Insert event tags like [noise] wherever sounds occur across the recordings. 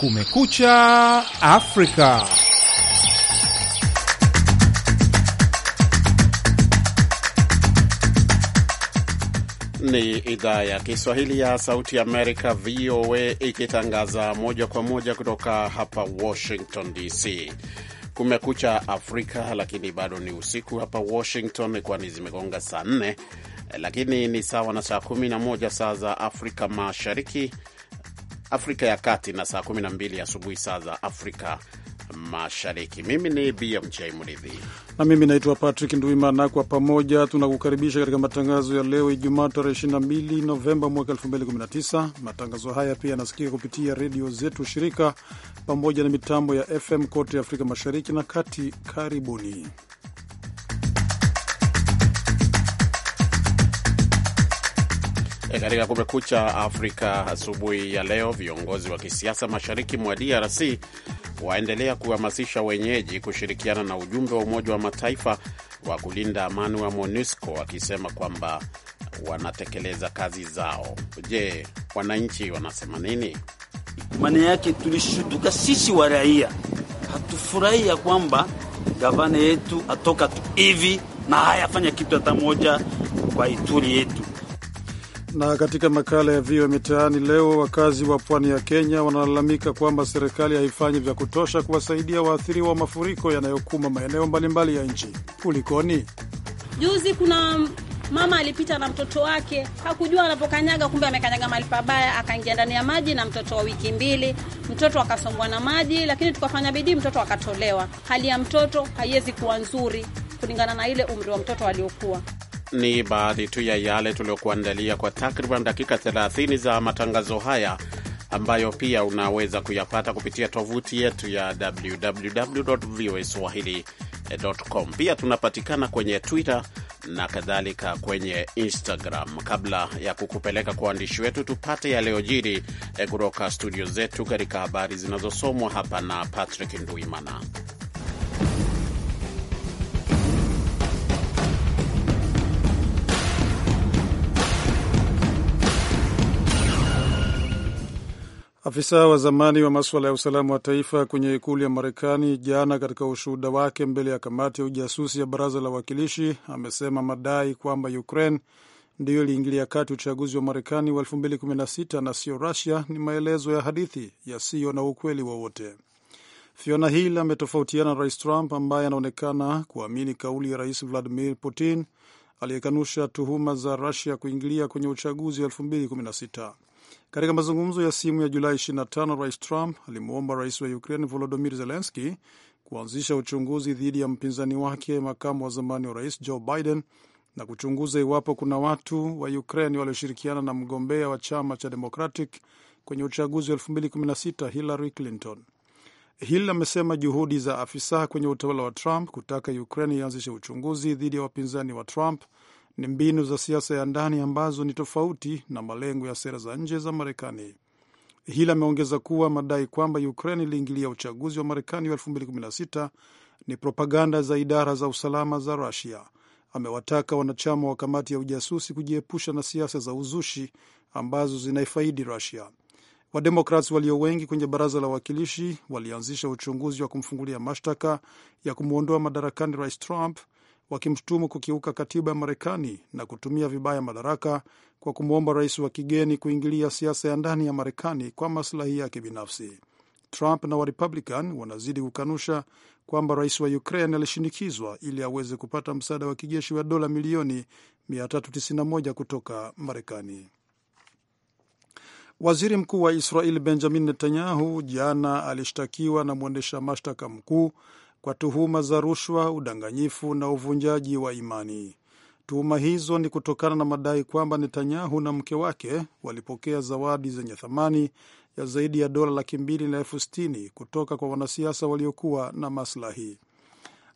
Kumekucha Afrika. Ni idhaa ya Kiswahili ya Sauti Amerika, VOA, ikitangaza moja kwa moja kutoka hapa Washington DC. Kumekucha Afrika, lakini bado ni usiku hapa Washington, kwani zimegonga saa nne, lakini ni sawa na saa 11 saa za Afrika Mashariki Afrika ya Kati na saa 12 asubuhi saa za Afrika Mashariki. Mimi ni BMJ Mridhi na mimi naitwa Patrick Nduimana. Kwa pamoja tunakukaribisha katika matangazo ya leo Ijumaa tarehe 22 Novemba mwaka 2019. Matangazo haya pia yanasikika kupitia redio zetu shirika pamoja na mitambo ya FM kote Afrika Mashariki na Kati. Karibuni. Eh, katika Kumekucha Afrika asubuhi ya leo, viongozi wa kisiasa mashariki mwa DRC waendelea kuhamasisha wenyeji kushirikiana na ujumbe wa Umoja wa Mataifa wa kulinda amani wa MONUSCO wakisema kwamba wanatekeleza kazi zao. Je, wananchi wanasema nini? Maana yake tulishutuka sisi wa raia, hatufurahi ya kwamba gavana yetu atoka tu hivi na hayafanya kitu hata moja kwa Ituri yetu na katika makala ya VOA Mitaani leo, wakazi wa pwani ya Kenya wanalalamika kwamba serikali haifanyi vya kutosha kuwasaidia waathiriwa wa mafuriko yanayokuma maeneo mbalimbali ya nchi. Kulikoni? Juzi kuna mama alipita na mtoto wake, hakujua anapokanyaga, kumbe amekanyaga mahali pabaya, akaingia ndani ya maji na mtoto wa wiki mbili. Mtoto akasombwa na maji, lakini tukafanya bidii, mtoto akatolewa. Hali ya mtoto haiwezi kuwa nzuri kulingana na ile umri wa mtoto aliokuwa ni baadhi tu ya yale tuliyokuandalia kwa takriban dakika 30 za matangazo haya ambayo pia unaweza kuyapata kupitia tovuti yetu ya www.voaswahili.com. Pia tunapatikana kwenye Twitter na kadhalika kwenye Instagram. Kabla ya kukupeleka kwa waandishi wetu, tupate yaliyojiri eh, kutoka studio zetu katika habari zinazosomwa hapa na Patrick Nduimana. Afisa wa zamani wa maswala ya usalama wa taifa kwenye ikulu ya Marekani jana, katika ushuhuda wake mbele ya kamati ya ujasusi ya baraza la wawakilishi, amesema madai kwamba Ukraine ndiyo iliingilia kati uchaguzi wa Marekani wa 2016 na sio Rusia ni maelezo ya hadithi yasiyo na ukweli wowote. Fiona Hill ametofautiana na Rais Trump ambaye anaonekana kuamini kauli ya Rais Vladimir Putin aliyekanusha tuhuma za Rusia kuingilia kwenye uchaguzi wa 2016. Katika mazungumzo ya simu ya Julai 25, Rais Trump alimwomba rais wa Ukraine Volodymyr Zelensky kuanzisha uchunguzi dhidi ya mpinzani wake makamu wa zamani wa rais Joe Biden na kuchunguza iwapo kuna watu wa Ukraine walioshirikiana na mgombea wa chama cha Democratic kwenye uchaguzi wa 2016 Hillary Clinton. Hill amesema juhudi za afisa kwenye utawala wa Trump kutaka Ukraine ianzishe uchunguzi dhidi ya wapinzani wa Trump ni mbinu za siasa ya ndani ambazo ni tofauti na malengo ya sera za nje za Marekani. Hili ameongeza kuwa madai kwamba Ukraine iliingilia uchaguzi wa Marekani wa 2016 ni propaganda za idara za usalama za Rusia. Amewataka wanachama wa kamati ya ujasusi kujiepusha na siasa za uzushi ambazo zinaifaidi Rusia. Wademokrats walio wengi kwenye baraza la wawakilishi walianzisha uchunguzi wa kumfungulia mashtaka ya kumwondoa madarakani rais Trump wakimshutumu kukiuka katiba ya Marekani na kutumia vibaya madaraka kwa kumwomba rais wa kigeni kuingilia siasa ya ndani ya Marekani kwa maslahi yake binafsi. Trump na Warepublican wanazidi kukanusha kwamba rais wa Ukraine alishinikizwa ili aweze kupata msaada wa kijeshi wa dola milioni 391 kutoka Marekani. Waziri mkuu wa Israel Benjamin Netanyahu jana alishtakiwa na mwendesha mashtaka mkuu kwa tuhuma za rushwa, udanganyifu na uvunjaji wa imani. Tuhuma hizo ni kutokana na madai kwamba Netanyahu na mke wake walipokea zawadi zenye thamani ya zaidi ya dola laki mbili na elfu sitini kutoka kwa wanasiasa waliokuwa na maslahi.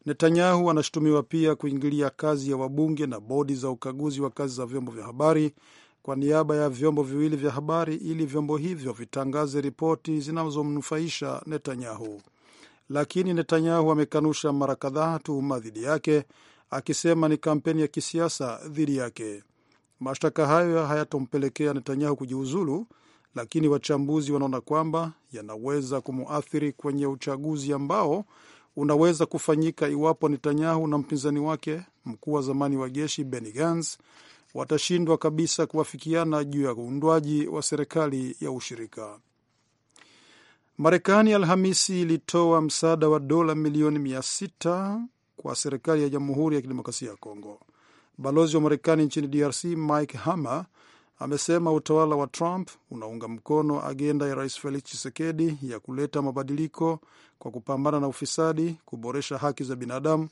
Netanyahu anashutumiwa pia kuingilia kazi ya wabunge na bodi za ukaguzi wa kazi za vyombo vya habari kwa niaba ya vyombo viwili vya habari ili vyombo hivyo vitangaze ripoti zinazomnufaisha Netanyahu lakini Netanyahu amekanusha mara kadhaa tuhuma dhidi yake, akisema ni kampeni ya kisiasa dhidi yake. Mashtaka hayo hayatompelekea Netanyahu kujiuzulu, lakini wachambuzi wanaona kwamba yanaweza kumwathiri kwenye uchaguzi ambao unaweza kufanyika iwapo Netanyahu na mpinzani wake mkuu wa zamani wa jeshi Benny Gantz watashindwa kabisa kuwafikiana juu ya uundwaji wa serikali ya ushirika. Marekani Alhamisi ilitoa msaada wa dola milioni mia sita kwa serikali ya Jamhuri ya Kidemokrasia ya Kongo. Balozi wa Marekani nchini DRC Mike Hammer amesema utawala wa Trump unaunga mkono agenda ya Rais Felix Tshisekedi ya kuleta mabadiliko kwa kupambana na ufisadi, kuboresha haki za binadamu,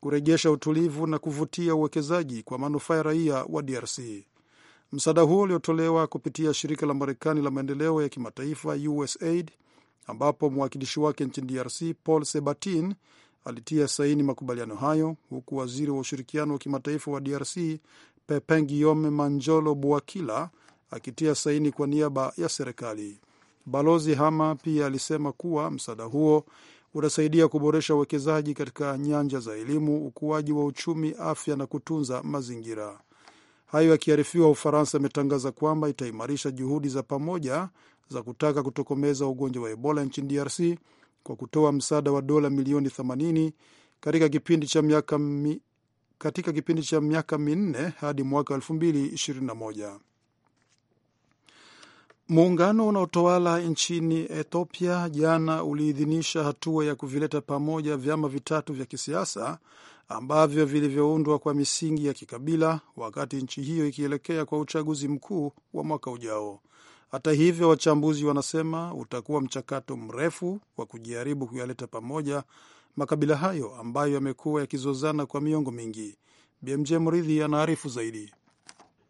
kurejesha utulivu na kuvutia uwekezaji kwa manufaa ya raia wa DRC. Msaada huo uliotolewa kupitia shirika la Marekani la maendeleo ya kimataifa USAID ambapo mwakilishi wake nchini DRC Paul Sebatin alitia saini makubaliano hayo, huku waziri wa ushirikiano wa kimataifa wa DRC Pepin Guillaume Manjolo buakila akitia saini kwa niaba ya serikali. Balozi Hama pia alisema kuwa msaada huo utasaidia kuboresha uwekezaji katika nyanja za elimu, ukuaji wa uchumi, afya na kutunza mazingira. Hayo yakiarifiwa, Ufaransa imetangaza kwamba itaimarisha juhudi za pamoja za kutaka kutokomeza ugonjwa wa Ebola nchini DRC kwa kutoa msaada wa dola milioni 80 katika kipindi cha miaka mi, katika kipindi cha miaka minne hadi mwaka 2021. Muungano unaotawala nchini Ethiopia jana uliidhinisha hatua ya kuvileta pamoja vyama vitatu vya kisiasa ambavyo vilivyoundwa kwa misingi ya kikabila wakati nchi hiyo ikielekea kwa uchaguzi mkuu wa mwaka ujao. Hata hivyo, wachambuzi wanasema utakuwa mchakato mrefu wa kujaribu kuyaleta pamoja makabila hayo ambayo yamekuwa yakizozana kwa miongo mingi. BMJ Mridhi anaarifu zaidi.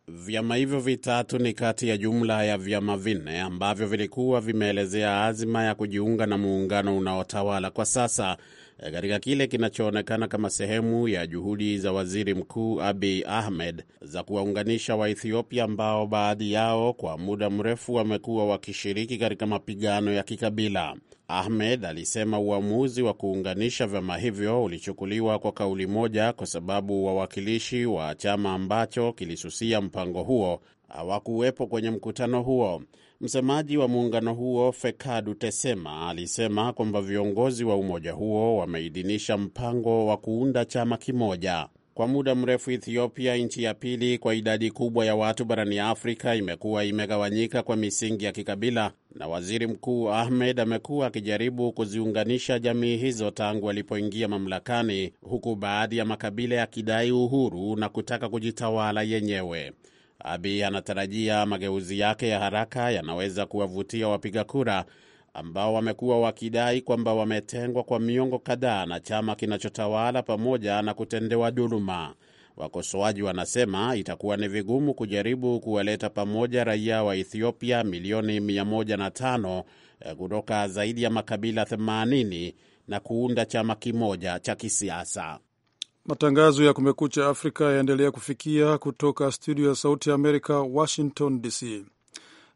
Vyama hivyo vitatu ni kati ya jumla ya vyama vinne ambavyo vilikuwa vimeelezea azima ya kujiunga na muungano unaotawala kwa sasa Eh, katika kile kinachoonekana kama sehemu ya juhudi za waziri mkuu Abiy Ahmed za kuwaunganisha Waethiopia ambao baadhi yao kwa muda mrefu wamekuwa wakishiriki katika mapigano ya kikabila. Ahmed alisema uamuzi wa kuunganisha vyama hivyo ulichukuliwa kwa kauli moja kwa sababu wawakilishi wa chama ambacho kilisusia mpango huo hawakuwepo kwenye mkutano huo. Msemaji wa muungano huo Fekadu Tesema alisema kwamba viongozi wa umoja huo wameidhinisha mpango wa kuunda chama kimoja. Kwa muda mrefu, Ethiopia, nchi ya pili kwa idadi kubwa ya watu barani Afrika, imekuwa imegawanyika kwa misingi ya kikabila, na waziri mkuu Ahmed amekuwa akijaribu kuziunganisha jamii hizo tangu alipoingia mamlakani, huku baadhi ya makabila yakidai uhuru na kutaka kujitawala yenyewe. Abi anatarajia mageuzi yake ya haraka yanaweza kuwavutia wapiga kura ambao wamekuwa wakidai kwamba wametengwa kwa miongo kadhaa na chama kinachotawala pamoja na kutendewa dhuluma. Wakosoaji wanasema itakuwa ni vigumu kujaribu kuwaleta pamoja raia wa Ethiopia milioni 105 eh, kutoka zaidi ya makabila 80 na kuunda chama kimoja cha kisiasa. Matangazo ya Kumekucha Afrika yaendelea kufikia kutoka studio ya Sauti ya Amerika, Washington DC.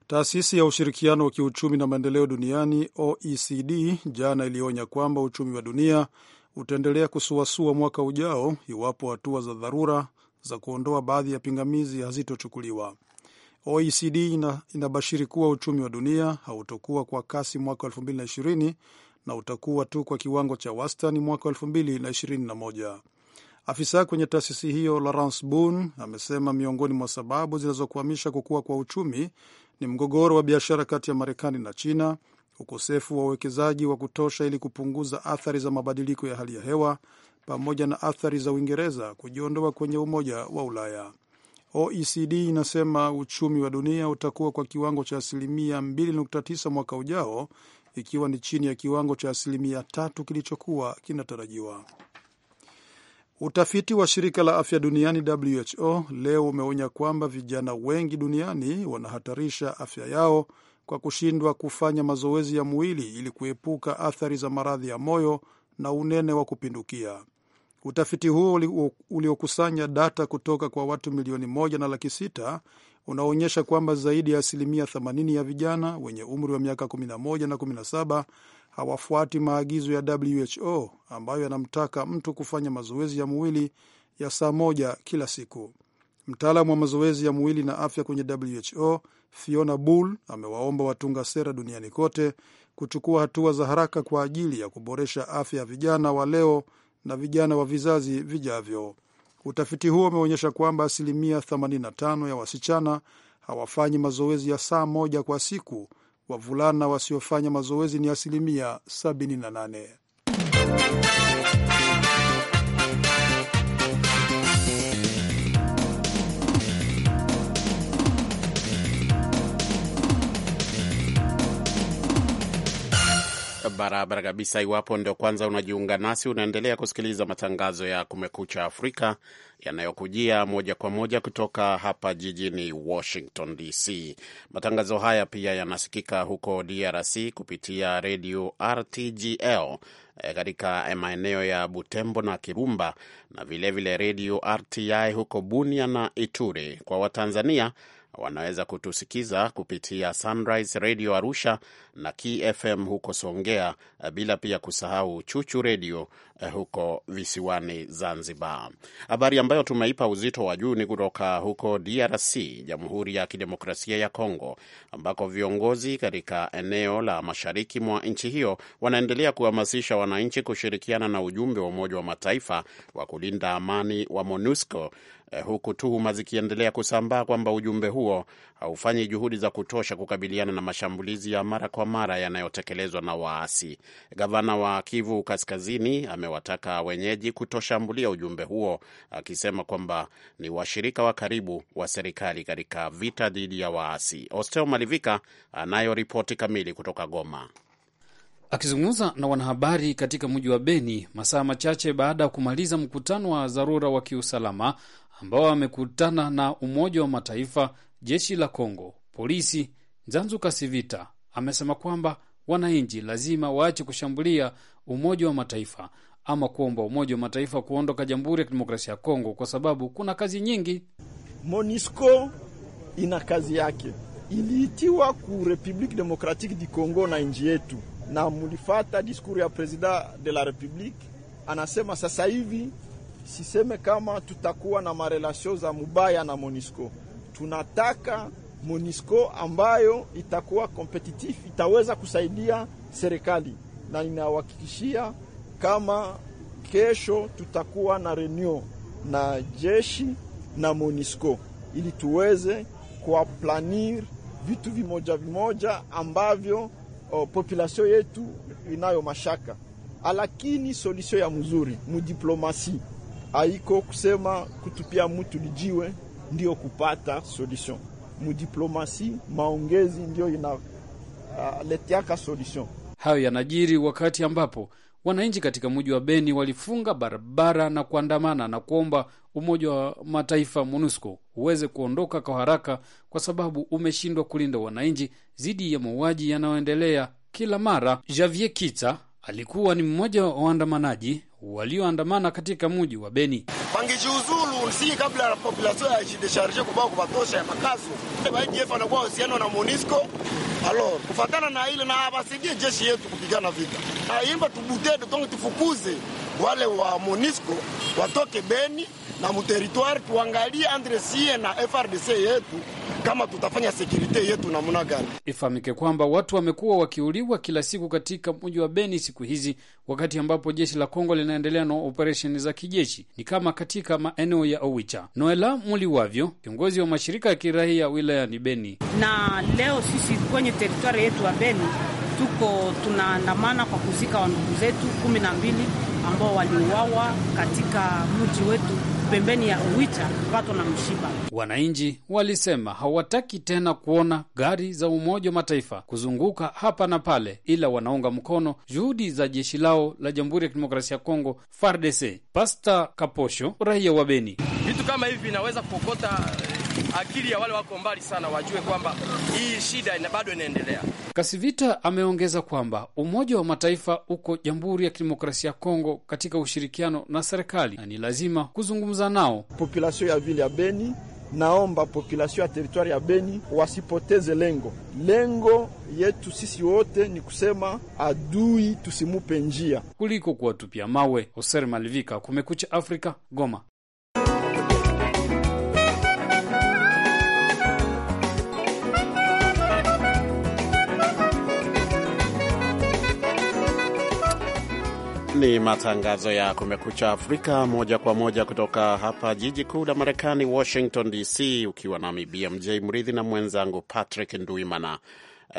Taasisi ya ushirikiano wa kiuchumi na maendeleo duniani OECD jana ilionya kwamba uchumi wa dunia utaendelea kusuasua mwaka ujao iwapo hatua za dharura za kuondoa baadhi ya pingamizi hazitochukuliwa. OECD ina, inabashiri kuwa uchumi wa dunia hautokuwa kwa kasi mwaka 2020 na utakuwa tu kwa kiwango cha wastani mwaka 2021. Afisa kwenye taasisi hiyo Lawrence Boone amesema miongoni mwa sababu zinazokwamisha kukua kwa uchumi ni mgogoro wa biashara kati ya Marekani na China, ukosefu wa uwekezaji wa kutosha ili kupunguza athari za mabadiliko ya hali ya hewa, pamoja na athari za Uingereza kujiondoa kwenye Umoja wa Ulaya. OECD inasema uchumi wa dunia utakuwa kwa kiwango cha asilimia 2.9 mwaka ujao, ikiwa ni chini ya kiwango cha asilimia tatu kilichokuwa kinatarajiwa. Utafiti wa shirika la afya duniani WHO leo umeonya kwamba vijana wengi duniani wanahatarisha afya yao kwa kushindwa kufanya mazoezi ya mwili ili kuepuka athari za maradhi ya moyo na unene wa kupindukia. Utafiti huo uliokusanya data kutoka kwa watu milioni moja na laki sita unaonyesha kwamba zaidi ya asilimia 80 ya vijana wenye umri wa miaka 11 na 17 hawafuati maagizo ya WHO ambayo yanamtaka mtu kufanya mazoezi ya mwili ya saa moja kila siku. Mtaalamu wa mazoezi ya mwili na afya kwenye WHO Fiona Bull amewaomba watunga sera duniani kote kuchukua hatua za haraka kwa ajili ya kuboresha afya ya vijana wa leo na vijana wa vizazi vijavyo. Utafiti huo umeonyesha kwamba asilimia 85 ya wasichana hawafanyi mazoezi ya saa moja kwa siku Wavulana wasiofanya mazoezi ni asilimia 78. barabara kabisa. Iwapo ndio kwanza unajiunga nasi, unaendelea kusikiliza matangazo ya Kumekucha Afrika yanayokujia moja kwa moja kutoka hapa jijini Washington DC. Matangazo haya pia yanasikika huko DRC kupitia redio RTGL eh, katika maeneo ya Butembo na Kirumba, na vilevile redio RTI huko Bunia na Ituri. Kwa Watanzania wanaweza kutusikiza kupitia Sunrise Radio Arusha na KFM huko Songea, bila pia kusahau Chuchu Radio Eh, huko visiwani Zanzibar. Habari ambayo tumeipa uzito wa juu ni kutoka huko DRC, Jamhuri ya Kidemokrasia ya Kongo, ambako viongozi katika eneo la mashariki mwa nchi hiyo wanaendelea kuhamasisha wananchi kushirikiana na ujumbe wa Umoja wa Mataifa wa kulinda amani wa MONUSCO eh, huku tuhuma zikiendelea kusambaa kwamba ujumbe huo haufanyi juhudi za kutosha kukabiliana na mashambulizi ya mara kwa mara yanayotekelezwa na waasi. Gavana wa Kivu Kaskazini ame amewataka wenyeji kutoshambulia ujumbe huo, akisema kwamba ni washirika wa karibu wa serikali katika vita dhidi ya waasi. Osteo Malivika anayo ripoti kamili kutoka Goma. Akizungumza na wanahabari katika mji wa Beni masaa machache baada ya kumaliza mkutano wa dharura wa kiusalama ambao amekutana na Umoja wa Mataifa, jeshi la Kongo, polisi, Nzanzu Kasivita amesema kwamba wananchi lazima waache kushambulia Umoja wa Mataifa ama kuomba Umoja wa Mataifa kuondoka Jamhuri ya Kidemokrasia ya Kongo kwa sababu kuna kazi nyingi. MONUSCO ina kazi yake, iliitiwa ku Republique Democratique du Congo na nchi yetu, na mulifata diskuru ya president de la republique, anasema sasa hivi siseme kama tutakuwa na marelasio za mubaya na MONUSCO. Tunataka MONUSCO ambayo itakuwa kompetitif, itaweza kusaidia serikali, na ninahakikishia kama kesho tutakuwa na renio na jeshi na Monisco ili tuweze kuwaplanir vitu vimoja vimoja ambavyo uh, population yetu inayo mashaka, lakini solusio ya mzuri mudiplomasi haiko kusema kutupia mtu lijiwe ndio kupata solution. Mudiplomasi maongezi ndio inaletiaka uh, solution. Hayo yanajiri wakati ambapo Wananchi katika mji wa Beni walifunga barabara na kuandamana na kuomba Umoja wa Mataifa MONUSCO uweze kuondoka kwa haraka, kwa sababu umeshindwa kulinda wananchi dhidi ya mauaji yanayoendelea kila mara. Javier Kita alikuwa ni mmoja wa waandamanaji walioandamana katika mji wa Beni. bangejiuzulu si kabla ya population yajidesharge kubaa kuvatosha ya makazo baijef anakuwa uhusiano na Monisco alo kufatana na ile na abasidie jeshi yetu kupigana vita aimba tubutede tonge tufukuze wale wa Monisco watoke Beni na muteritwari tuangalie andresie na FRDC yetu kama tutafanya sekurite yetu namna gani. Ifahamike kwamba watu wamekuwa wakiuliwa kila siku katika mji wa Beni siku hizi, wakati ambapo jeshi la Kongo linaendelea na operesheni za kijeshi, ni kama katika maeneo ya Owicha. Noela Muliwavyo, kiongozi wa mashirika ya kiraia wilayani Beni. Na leo sisi kwenye teritwari yetu wa Beni tuko tunaandamana kwa kuzika wa ndugu zetu kumi na mbili ambao waliuawa katika mji wetu pembeni ya Uwita pato na mshipa. Wananchi walisema hawataki tena kuona gari za Umoja wa Mataifa kuzunguka hapa na pale, ila wanaunga mkono juhudi za jeshi lao la Jamhuri ya Kidemokrasia ya Kongo, FARDC. Pasta Kaposho, raia wa Beni: vitu kama hivi vinaweza kuokota eh, akili ya wale wako mbali sana wajue kwamba hii shida ina bado inaendelea. Kasivita ameongeza kwamba Umoja wa Mataifa uko Jamhuri ya Kidemokrasia ya Kongo katika ushirikiano na serikali na ni lazima kuzungumza nao. Populasio ya vile ya Beni Naomba populasio ya teritwari ya Beni wasipoteze lengo. Lengo yetu sisi wote ni kusema adui tusimupe njia kuliko kuwatupia mawe. Hoser Malivika, Kumekucha Afrika, Goma. Ni matangazo ya Kumekucha Afrika moja kwa moja kutoka hapa jiji kuu la Marekani, Washington DC, ukiwa nami BMJ Mridhi na mwenzangu Patrick Nduimana.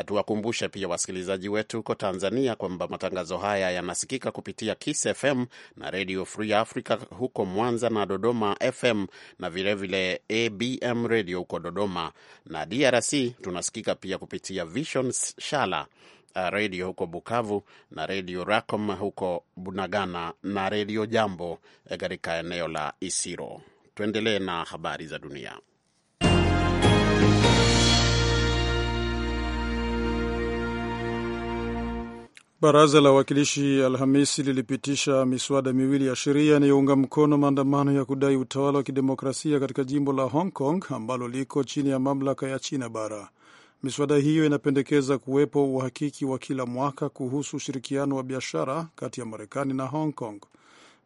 Tuwakumbushe pia wasikilizaji wetu huko Tanzania kwamba matangazo haya yanasikika kupitia Kiss FM na Radio Free Africa huko Mwanza na Dodoma FM na vilevile vile ABM Radio huko Dodoma, na DRC tunasikika pia kupitia Vision Shala Uh, redio huko Bukavu na redio Racom huko Bunagana na redio Jambo eh, katika eneo la Isiro. Tuendelee na habari za dunia. Baraza la Wawakilishi Alhamisi lilipitisha miswada miwili ya sheria inayounga mkono maandamano ya kudai utawala wa kidemokrasia katika jimbo la Hong Kong ambalo liko chini ya mamlaka ya China bara. Miswada hiyo inapendekeza kuwepo uhakiki wa kila mwaka kuhusu ushirikiano wa biashara kati ya Marekani na Hong Kong.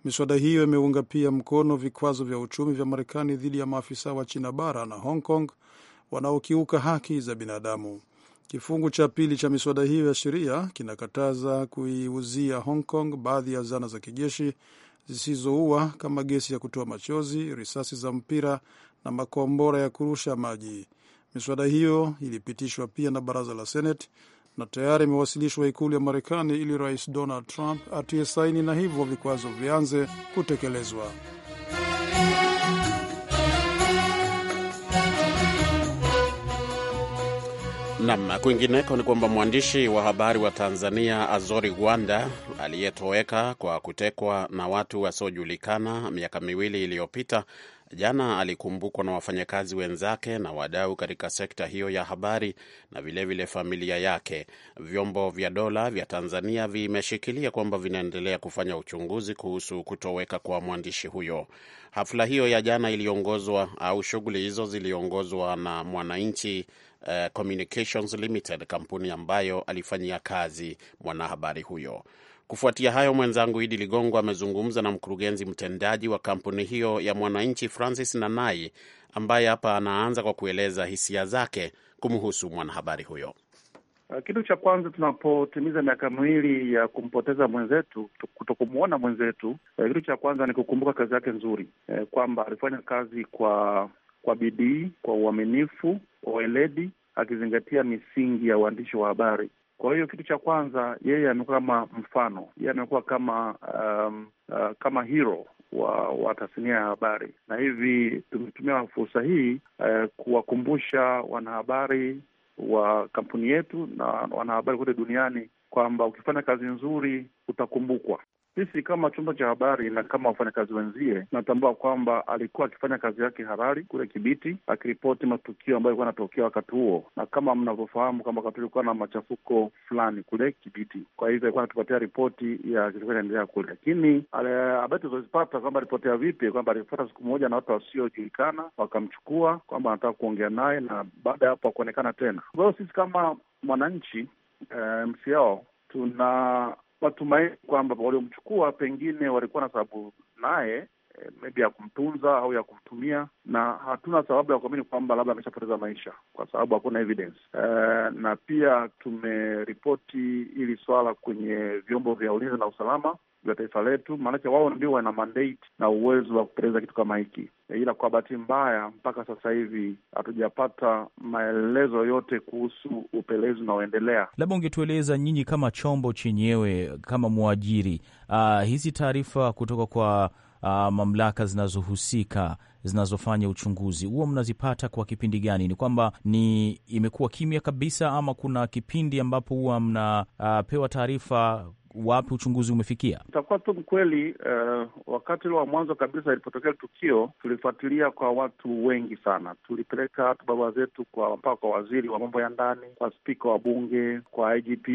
Miswada hiyo imeunga pia mkono vikwazo vya uchumi vya Marekani dhidi ya maafisa wa China bara na Hong Kong wanaokiuka haki za binadamu. Kifungu cha pili cha miswada hiyo ya sheria kinakataza kuiuzia Hong Kong baadhi ya zana za kijeshi zisizoua kama gesi ya kutoa machozi, risasi za mpira na makombora ya kurusha maji. Miswada hiyo ilipitishwa pia na baraza la Seneti na tayari imewasilishwa ikulu ya Marekani ili Rais Donald Trump atie saini na hivyo vikwazo vianze kutekelezwa. Nam, kwingineko ni kwamba mwandishi wa habari wa Tanzania Azori Gwanda aliyetoweka kwa kutekwa na watu wasiojulikana miaka miwili iliyopita Jana alikumbukwa na wafanyakazi wenzake na wadau katika sekta hiyo ya habari na vilevile vile familia yake. Vyombo vya dola vya Tanzania vimeshikilia kwamba vinaendelea kufanya uchunguzi kuhusu kutoweka kwa mwandishi huyo. Hafla hiyo ya jana iliongozwa au shughuli hizo ziliongozwa na Mwananchi uh, Communications Limited, kampuni ambayo alifanyia kazi mwanahabari huyo. Kufuatia hayo, mwenzangu Idi Ligongo amezungumza na mkurugenzi mtendaji wa kampuni hiyo ya Mwananchi, Francis Nanai, ambaye hapa anaanza kwa kueleza hisia zake kumhusu mwanahabari huyo. Uh, kitu cha kwanza tunapotimiza miaka miwili ya kumpoteza mwenzetu, kutokumwona mwenzetu, uh, kitu cha kwanza ni kukumbuka kazi yake nzuri, uh, kwamba alifanya kazi kwa kwa bidii, kwa uaminifu, kwa weledi, akizingatia misingi ya uandishi wa habari. Kwa hiyo kitu cha kwanza, yeye amekuwa kama mfano, yeye amekuwa kama um, uh, kama hero wa, wa tasnia ya habari, na hivi tumetumia fursa hii uh, kuwakumbusha wanahabari wa kampuni yetu na wanahabari kote duniani kwamba ukifanya kazi nzuri utakumbukwa. Sisi kama chombo cha habari na kama wafanyakazi wenzie, tunatambua kwamba alikuwa akifanya kazi yake halali kule Kibiti, akiripoti matukio ambayo alikuwa anatokea wakati huo, na kama mnavyofahamu kwamba wakati ulikuwa na machafuko fulani kule Kibiti. Kwa hivyo alikuwa anatupatia ripoti ya kilichokuwa inaendelea kule, lakini habari tulizozipata kwamba alipotea vipi, kwamba alipata siku moja na watu wasiojulikana wakamchukua, kwamba anataka kuongea naye, na baada ya hapo hakuonekana tena. Kwa hiyo sisi kama mwananchi eh, msiao tuna matumaini kwamba waliomchukua pengine walikuwa na sababu naye maybe ya kumtunza au ya kumtumia, na hatuna sababu ya kuamini kwamba labda ameshapoteza maisha, kwa sababu hakuna evidence eh, na pia tumeripoti hili swala kwenye vyombo vya ulinzi na usalama vya taifa letu, maanake wao ndio wana mandate na uwezo wa kupeleza kitu kama hiki. Ila kwa bahati mbaya, mpaka sasa hivi hatujapata maelezo yote kuhusu upelezi unaoendelea. Labda ungetueleza nyinyi, kama chombo chenyewe, kama mwajiri, uh, hizi taarifa kutoka kwa uh, mamlaka zinazohusika zinazofanya uchunguzi huwa mnazipata kwa kipindi gani? Ni kwamba ni imekuwa kimya kabisa, ama kuna kipindi ambapo huwa mnapewa uh, taarifa wapi uchunguzi umefikia? Itakuwa tu mkweli, uh, eh, wakati ule wa mwanzo kabisa ilipotokea tukio tulifuatilia kwa watu wengi sana, tulipeleka barua zetu kwa mpaka kwa waziri wa mambo ya ndani, kwa spika wa bunge, kwa IGP,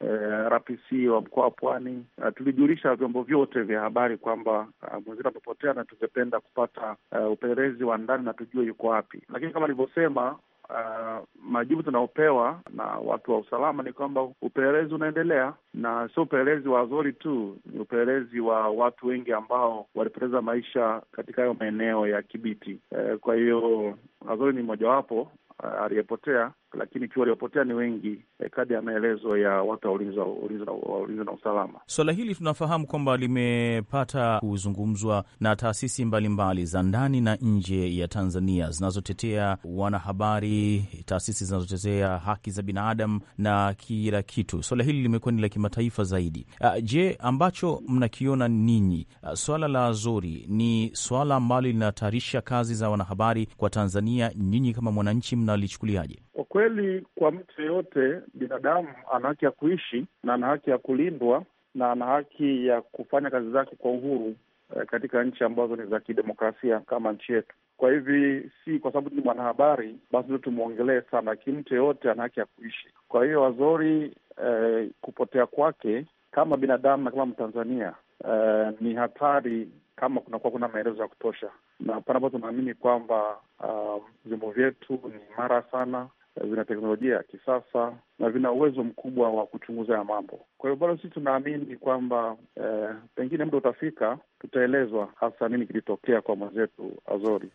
uh, eh, RPC wa mkoa wa Pwani. Uh, tulijulisha vyombo vyote vya habari kwamba uh, mwenzetu amepotea na tungependa kupata uh, upelelezi wa ndani na tujue yuko wapi, lakini kama alivyosema Uh, majibu tunaopewa na watu wa usalama ni kwamba upelelezi unaendelea na sio upelelezi wa azori tu, ni upelelezi wa watu wengi ambao walipoteza maisha katika hayo maeneo ya Kibiti. Uh, kwa hiyo azori ni mmojawapo uh, aliyepotea lakini ikiwa waliopotea ni wengi eh, kadi ya maelezo ya watu wa ulinzi na usalama. Swala hili tunafahamu kwamba limepata kuzungumzwa na taasisi mbalimbali za ndani na nje ya Tanzania zinazotetea wanahabari, taasisi zinazotetea haki za binadamu na kila kitu. Swala hili limekuwa ni la kimataifa zaidi. Uh, je, ambacho mnakiona ninyi, uh, swala la Azori ni swala ambalo linahatarisha kazi za wanahabari kwa Tanzania, nyinyi kama mwananchi mnalichukuliaje? Kwa kweli, kwa mtu yeyote binadamu ana haki ya kuishi na ana haki ya kulindwa na ana haki ya kufanya kazi zake kwa uhuru eh, katika nchi ambazo ni za kidemokrasia kama nchi yetu. Kwa hivi si kwa sababu ni mwanahabari basi ndio tumwongelee sana, lakini mtu yeyote ana haki ya kuishi. Kwa hiyo Wazori eh, kupotea kwake kama binadamu na kama Mtanzania eh, ni hatari kama kunakuwa kuna maelezo ya kutosha, na pale ambapo tunaamini kwamba uh, vyombo vyetu ni imara sana vina teknolojia ya kisasa na vina uwezo mkubwa wa kuchunguza ya mambo. Kwa hiyo bado sisi tunaamini kwamba eh, pengine muda utafika tutaelezwa hasa nini kilitokea kwa mwenzetu Azori.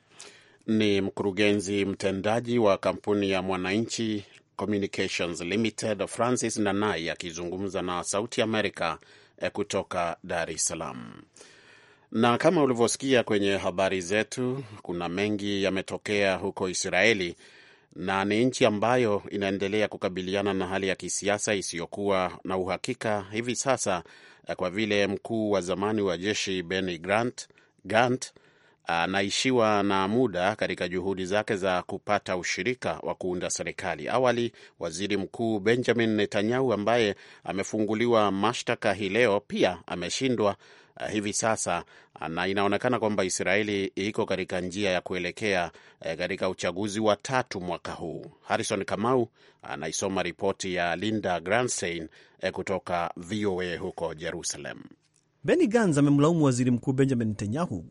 Ni mkurugenzi mtendaji wa kampuni ya Mwananchi Communications Limited, Francis Nanai akizungumza na Sauti Amerika eh, kutoka Dar es Salaam. Na kama ulivyosikia kwenye habari zetu, kuna mengi yametokea huko Israeli na ni nchi ambayo inaendelea kukabiliana na hali ya kisiasa isiyokuwa na uhakika hivi sasa, eh, kwa vile mkuu wa zamani wa jeshi Benny Grant Gant anaishiwa na muda katika juhudi zake za kupata ushirika wa kuunda serikali. Awali, waziri mkuu Benjamin Netanyahu ambaye amefunguliwa mashtaka hii leo pia ameshindwa Eh, hivi sasa eh, na inaonekana kwamba Israeli iko katika njia ya kuelekea eh, katika uchaguzi wa tatu mwaka huu. Harrison Kamau anaisoma ripoti ya Linda Grandstein kutoka VOA huko Jerusalem. Benny Gantz amemlaumu waziri mkuu Benjamin Netanyahu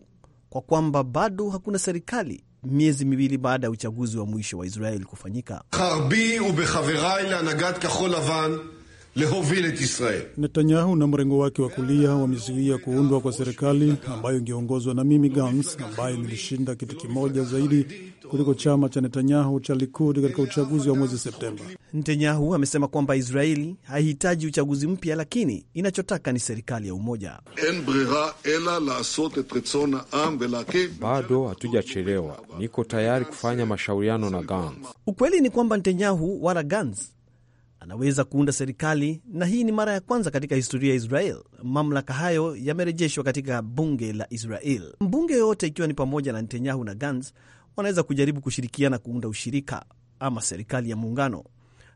kwa kwamba bado hakuna serikali miezi miwili baada ya uchaguzi wa mwisho wa Israeli kufanyika. harbi ubehaverai leanagat kahol lavan Netanyahu na mrengo wake wa kulia wamezuia kuundwa kwa serikali ambayo ingeongozwa na Mimi Gans ambaye nilishinda kiti kimoja zaidi kuliko chama cha Netanyahu cha Likud katika uchaguzi wa mwezi Septemba. Netanyahu amesema kwamba Israeli haihitaji uchaguzi mpya, lakini inachotaka ni serikali ya umoja. Bado hatujachelewa, niko tayari kufanya mashauriano na Gans. Ukweli ni kwamba Netanyahu wala Gans anaweza kuunda serikali, na hii ni mara ya kwanza katika historia ya Israel mamlaka hayo yamerejeshwa katika bunge la Israel. Mbunge yoyote ikiwa ni pamoja na Netanyahu na Gantz wanaweza kujaribu kushirikiana kuunda ushirika ama serikali ya muungano.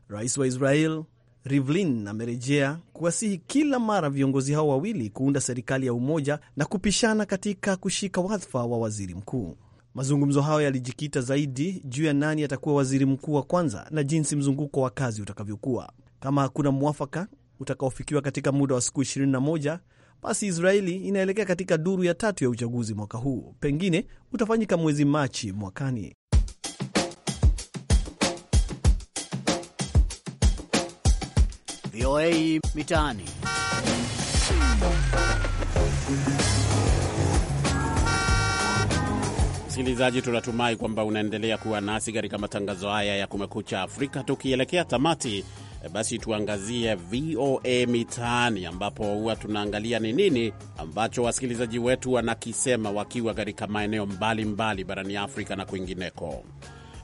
Rais wa Israel Rivlin amerejea kuwasihi kila mara viongozi hao wawili kuunda serikali ya umoja na kupishana katika kushika wadhifa wa waziri mkuu. Mazungumzo hayo yalijikita zaidi juu ya nani atakuwa waziri mkuu wa kwanza na jinsi mzunguko wa kazi utakavyokuwa. Kama hakuna mwafaka utakaofikiwa katika muda wa siku 21, basi Israeli inaelekea katika duru ya tatu ya uchaguzi mwaka huu, pengine utafanyika mwezi Machi mwakani. VOA Mitaani. msikilizaji, tunatumai kwamba unaendelea kuwa nasi katika matangazo haya ya Kumekucha Afrika. Tukielekea tamati, eh, basi tuangazie VOA Mitaani, ambapo huwa tunaangalia ni nini ambacho wasikilizaji wetu wanakisema wakiwa katika maeneo mbalimbali mbali barani Afrika na kwingineko.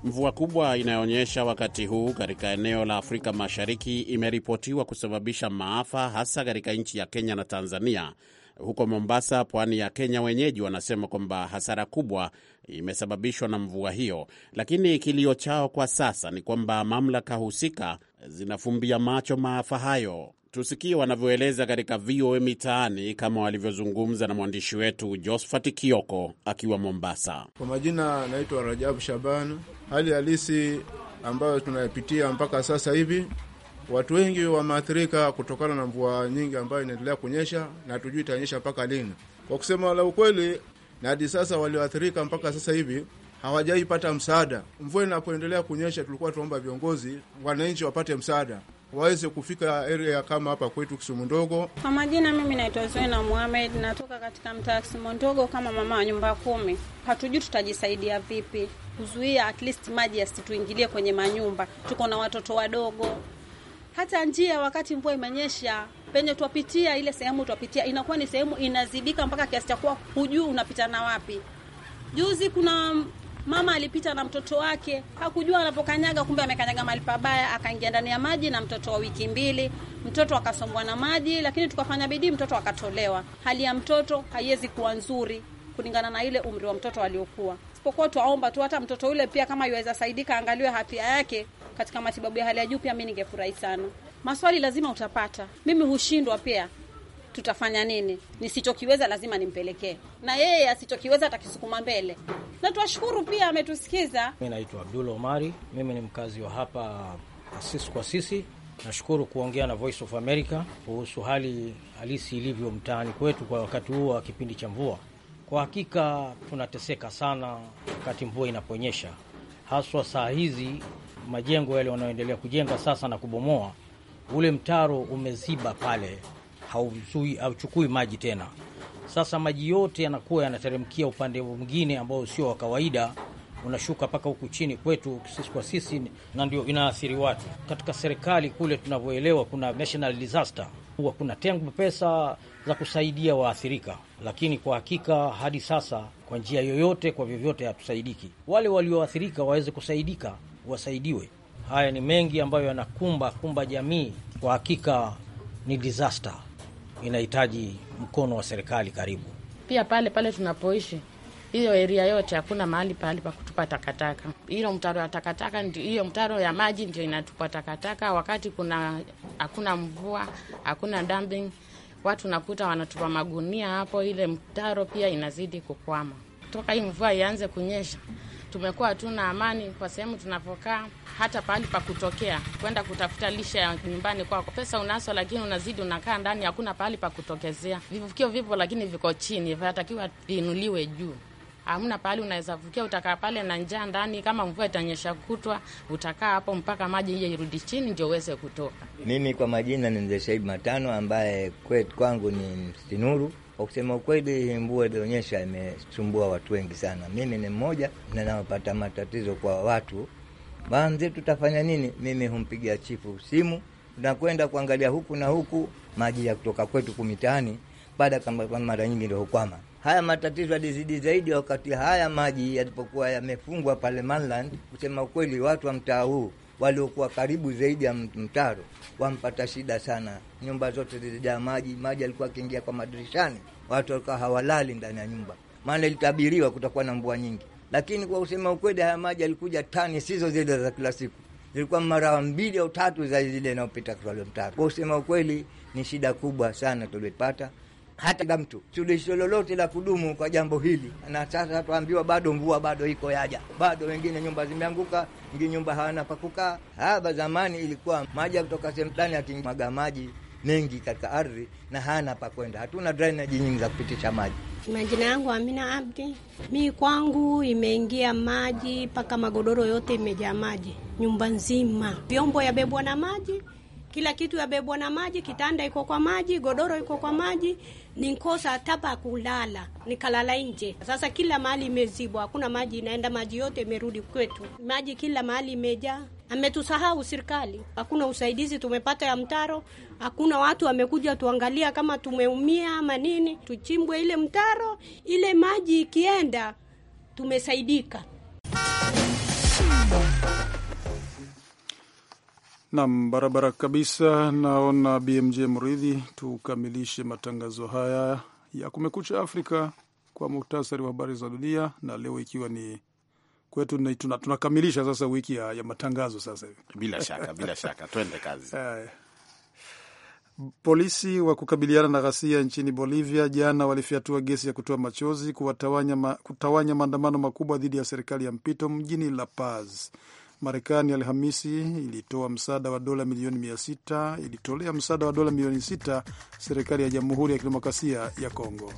Mvua kubwa inayoonyesha wakati huu katika eneo la Afrika Mashariki imeripotiwa kusababisha maafa hasa katika nchi ya Kenya na Tanzania huko Mombasa, pwani ya Kenya, wenyeji wanasema kwamba hasara kubwa imesababishwa na mvua hiyo, lakini kilio chao kwa sasa ni kwamba mamlaka husika zinafumbia macho maafa hayo. Tusikie wanavyoeleza katika VOA Mitaani, kama walivyozungumza na mwandishi wetu Josphat Kioko akiwa Mombasa. Kwa majina anaitwa Rajabu Shaban. Hali halisi ambayo tunayapitia mpaka sasa hivi Watu wengi wameathirika kutokana na mvua nyingi ambayo inaendelea kunyesha na hatujui itanyesha mpaka lini. Kwa kusema la ukweli, na hadi sasa walioathirika mpaka sasa hivi hawajaipata msaada. Mvua inapoendelea kunyesha, tulikuwa tunaomba viongozi, wananchi wapate msaada waweze kufika area kama hapa kwetu Kisumu Ndogo. Kwa majina, mimi naitwa Zoena Muhamed, natoka katika mtaa wa Kisumu Ndogo kama mama wa nyumba kumi. Hatujui tutajisaidia vipi kuzuia at least maji yasituingilie kwenye manyumba. Tuko na watoto wadogo hata njia wakati mvua imenyesha penye twapitia ile sehemu twapitia inakuwa ni sehemu inazibika mpaka kiasi cha kuwa hujui unapita na wapi. Juzi kuna mama alipita na mtoto wake, hakujua anapokanyaga, kumbe amekanyaga mahali pabaya, akaingia ndani ya maji na mtoto wa wiki mbili. Mtoto akasombwa na maji, lakini tukafanya bidii, mtoto akatolewa. Hali ya mtoto haiwezi kuwa nzuri kulingana na ile umri wa mtoto aliokuwa, isipokuwa twaomba tu hata mtoto yule pia, kama yuweza saidika, angaliwe afya yake, katika matibabu ya hali ya juu, pia mi ningefurahi sana. Maswali lazima utapata, mimi hushindwa pia tutafanya nini? Nisichokiweza lazima nimpelekee, na yeye asichokiweza atakisukuma mbele, na tuwashukuru pia ametusikiza. Mi naitwa Abdul Omari, mimi ni mkazi wa hapa Sisi kwa Sisi. Nashukuru kuongea na Voice of America kuhusu hali halisi ilivyo mtaani kwetu kwa wakati huu wa kipindi cha mvua. Kwa hakika tunateseka sana wakati mvua inaponyesha, haswa saa hizi majengo yale wanayoendelea kujenga sasa na kubomoa, ule mtaro umeziba pale, hauchukui maji tena. Sasa maji yote yanakuwa yanateremkia upande mwingine ambao sio wa kawaida, unashuka mpaka huku chini kwetu sisi kwa sisi, na ndio inaathiri watu. Katika serikali kule tunavyoelewa, kuna national disaster, huwa kuna tengwa pesa za kusaidia waathirika, lakini kwa hakika hadi sasa, kwa njia yoyote, kwa vyovyote, hatusaidiki. Wale walioathirika waweze kusaidika wasaidiwe. Haya ni mengi ambayo yanakumba kumba jamii, kwa hakika ni disaster, inahitaji mkono wa serikali karibu. Pia pale pale tunapoishi hiyo eria yote hakuna mahali pahali pa kutupa takataka. Hiyo mtaro ya takataka hiyo mtaro ya maji ndio inatupa takataka. Wakati kuna hakuna mvua, hakuna dumping, watu nakuta wanatupa magunia hapo. Ile mtaro pia inazidi kukwama. Toka hii mvua ianze kunyesha, tumekuwa hatuna amani kwa sehemu tunavyokaa, hata pahali pa kutokea kwenda kutafuta lisha ya nyumbani kwako. Pesa unaso, lakini unazidi unakaa ndani, hakuna pahali pa kutokezea. Vivukio vipo, lakini viko chini, vinatakiwa viinuliwe juu. Hamna pahali unaweza vukia, utakaa pale na njaa ndani. Kama mvua itanyesha kutwa, utakaa hapo mpaka maji ije irudi chini ndio uweze kutoka. Mimi kwa majina ni mzee Shaibu Matano, ambaye kwangu ni Mstinuru. Kwa kusema ukweli, mvua ilionyesha imesumbua watu wengi sana. Mimi ni mmoja na matatizo kwa watu Bamze, tutafanya nini? Mimi humpigia chifu simu, tunakwenda kuangalia huku na huku, maji ya kutoka kwetu kumitaani baada kama mara nyingi ndio hukwama. Haya matatizo yalizidi zaidi wakati haya maji yalipokuwa yamefungwa pale Mainland. Kusema ukweli, watu wa mtaa huu waliokuwa karibu zaidi ya mtaro wampata shida sana. Nyumba zote zilijaa maji, maji alikuwa akiingia kwa madirishani, watu walikuwa hawalali ndani ya nyumba, maana ilitabiriwa kutakuwa na mvua nyingi. Lakini kwa kusema ukweli, haya maji alikuja tani sizo zile za kila siku, zilikuwa mara mbili au tatu za zile inayopita kwa mtaro. Kwa kusema ukweli, ni shida kubwa sana tuliopata hata mtu suluhisho lolote la kudumu kwa jambo hili. Na sasa tuambiwa bado mvua bado iko yaja, bado wengine nyumba zimeanguka, wengine nyumba hawana pa kukaa. Hapa zamani ilikuwa maji kutoka sehemu fulani yakimwaga maji mengi katika ardhi na hana pa kwenda, hatuna drainage nyingi za kupitisha maji. Majina yangu Amina Abdi. Mi kwangu imeingia maji mpaka magodoro yote imejaa maji, nyumba nzima, vyombo yabebwa na maji kila kitu yabebwa na maji, kitanda iko kwa maji, godoro iko kwa maji, ni hata pa kulala, nikalala nje. Sasa kila mahali imezibwa, hakuna maji inaenda, maji yote imerudi kwetu, maji kila mahali imejaa. Ametusahau serikali, hakuna usaidizi tumepata ya mtaro, hakuna watu wamekuja tuangalia kama tumeumia ama nini, tuchimbwe ile mtaro, ile maji ikienda tumesaidika. Nam, barabara kabisa. Naona BMJ Mridhi, tukamilishe matangazo haya ya Kumekucha Afrika kwa muktasari wa habari za dunia, na leo ikiwa ni kwetu tunakamilisha tuna sasa wiki ya, ya matangazo sasa hivi. Bila shaka, bila shaka, twende kazi. [laughs] Polisi wa kukabiliana na ghasia nchini Bolivia jana walifyatua gesi ya kutoa machozi kuwatawanya ma, kutawanya maandamano makubwa dhidi ya serikali ya mpito mjini La Paz. Marekani Alhamisi ilitoa msaada wa dola milioni mia sita ilitolea msaada wa dola milioni sita serikali ya Jamhuri ya Kidemokrasia ya Kongo.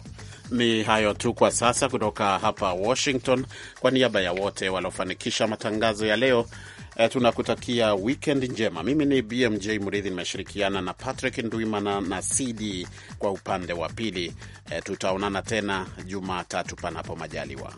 Ni hayo tu kwa sasa kutoka hapa Washington. Kwa niaba ya wote waliofanikisha matangazo ya leo, e, tunakutakia wikend njema. Mimi ni BMJ Mridhi, nimeshirikiana na Patrick Ndwimana na CD kwa upande wa pili. E, tutaonana tena Jumatatu panapo majaliwa.